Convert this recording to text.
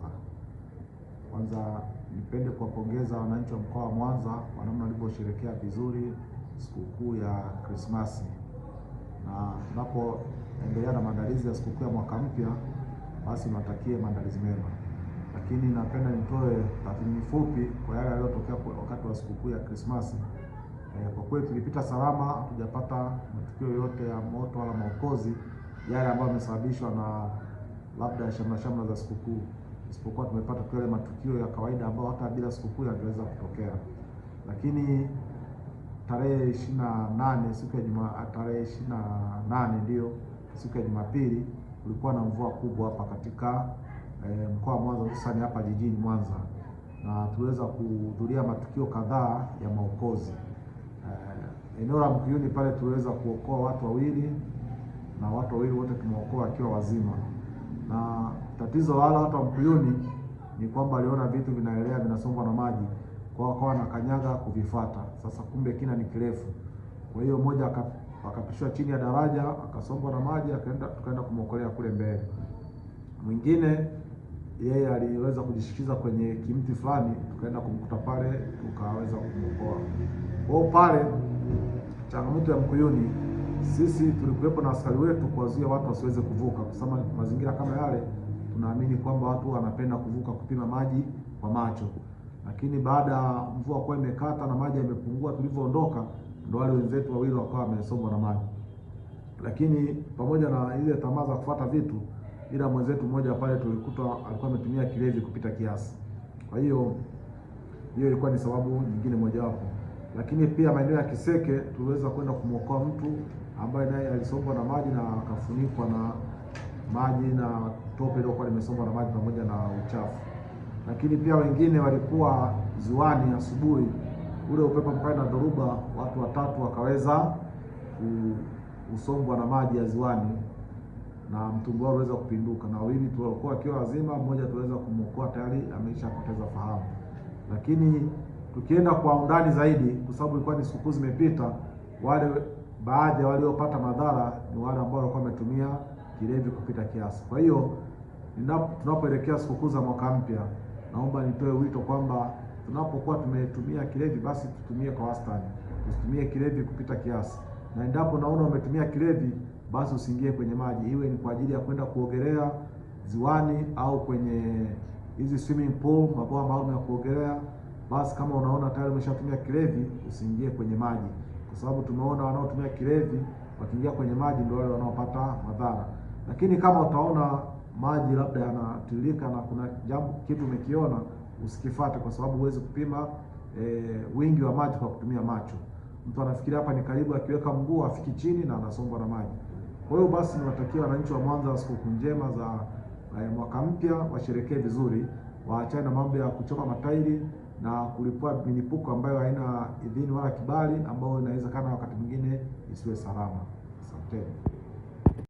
Mwanza. Kwanza nipende kuwapongeza wananchi wa mkoa wa Mwanza kwa namna walivyosherekea vizuri sikukuu ya Krismasi, na tunapoendelea na maandalizi ya sikukuu ya mwaka mpya, basi niwatakie maandalizi mema. Lakini napenda nitoe tathmini fupi kwa yale yaliyotokea wakati wa sikukuu ya Krismasi. E, kwa kweli tulipita salama, hatujapata matukio yote ya moto wala maokozi yale ambayo yamesababishwa na labda shamra shamra za sikukuu isipokuwa tumepata tu yale matukio ya kawaida ambayo hata bila sikukuu yangeweza kutokea. Lakini tarehe ishirini na nane siku ya juma, ah, tarehe ishirini na nane ndiyo siku ya Jumapili, kulikuwa na mvua kubwa hapa katika e, mkoa wa Mwanza, hususani hapa jijini Mwanza, na tuliweza kuhudhuria matukio kadhaa ya maokozi e, eneo la Mkuyuni pale tuliweza kuokoa watu wawili na watu wawili wote tumeokoa wakiwa wazima na tatizo wala hata mkuyuni ni kwamba aliona vitu vinaelea vinasombwa na maji, kwa akawa kanyaga kuvifata. Sasa kumbe kina ni kirefu, kwa hiyo mmoja akapishwa chini ya daraja akasombwa na maji, akaenda tukaenda kumwokolea kule mbele. Mwingine yeye aliweza kujishikiza kwenye kimti fulani, tukaenda kumkuta pale, tukaweza kumwokoa kwao. Pale changamoto ya mkuyuni sisi tulikuwepo na askari wetu kuwazuia watu wasiweze kuvuka, kwa sababu mazingira kama yale tunaamini kwamba watu wanapenda kuvuka kupima maji kwa macho, lakini baada ya mvua kuwa imekata na maji yamepungua, tulivyoondoka ndo wale wenzetu wawili wakawa wamesombwa na maji. Lakini pamoja na ile tamaa za kufuata vitu, ila mwenzetu mmoja pale tulikuta alikuwa ametumia kilevi kupita kiasi. Kwa hiyo hiyo ilikuwa ni sababu nyingine mojawapo, lakini pia maeneo ya Kiseke tuliweza kwenda kumwokoa mtu ambaye naye alisombwa na maji na akafunikwa na maji na tope liliokuwa limesombwa na maji pamoja na uchafu. Lakini pia wengine walikuwa ziwani asubuhi, ule upepo mkali na dhoruba, watu watatu wakaweza kusombwa na maji ya ziwani na mtumbwi wao uliweza kupinduka, na wawili tu walikuwa wakiwa wazima, mmoja tuliweza kumwokoa, tayari ameshapoteza fahamu. Lakini tukienda kwa undani zaidi, kwa sababu ilikuwa ni siku zimepita, wale baadhi ya waliopata madhara ni wale ambao walikuwa wametumia kilevi kupita kiasi. Kwa hiyo tunapoelekea sikukuu za mwaka mpya, naomba nitoe wito kwamba tunapokuwa tumetumia kilevi, basi tutumie kwa wastani, tusitumie kilevi kupita kiasi, na endapo naona umetumia kilevi, basi usiingie kwenye maji, iwe ni kwa ajili ya kwenda kuogelea ziwani au kwenye hizi swimming pool, mabwawa maalum ya kuogelea. Basi kama unaona tayari umeshatumia kilevi, usiingie kwenye maji kwa sababu tumeona wanaotumia kilevi wakiingia kwenye maji ndio wale wanaopata madhara. Lakini kama utaona maji labda yanatiririka na kuna jambo kitu umekiona, usikifate kwa sababu huwezi kupima e, wingi wa maji kwa kutumia macho. Mtu anafikiria hapa ni karibu, akiweka mguu afiki chini na anasombwa na maji. Kwa hiyo basi, niwatakia wananchi wa Mwanza wa sikukuu njema za eh, mwaka mpya, washerekee vizuri, waachane na mambo ya kuchoma matairi na kulipua milipuko ambayo haina idhini wala kibali, ambayo inawezekana wakati mwingine isiwe salama. Asanteni.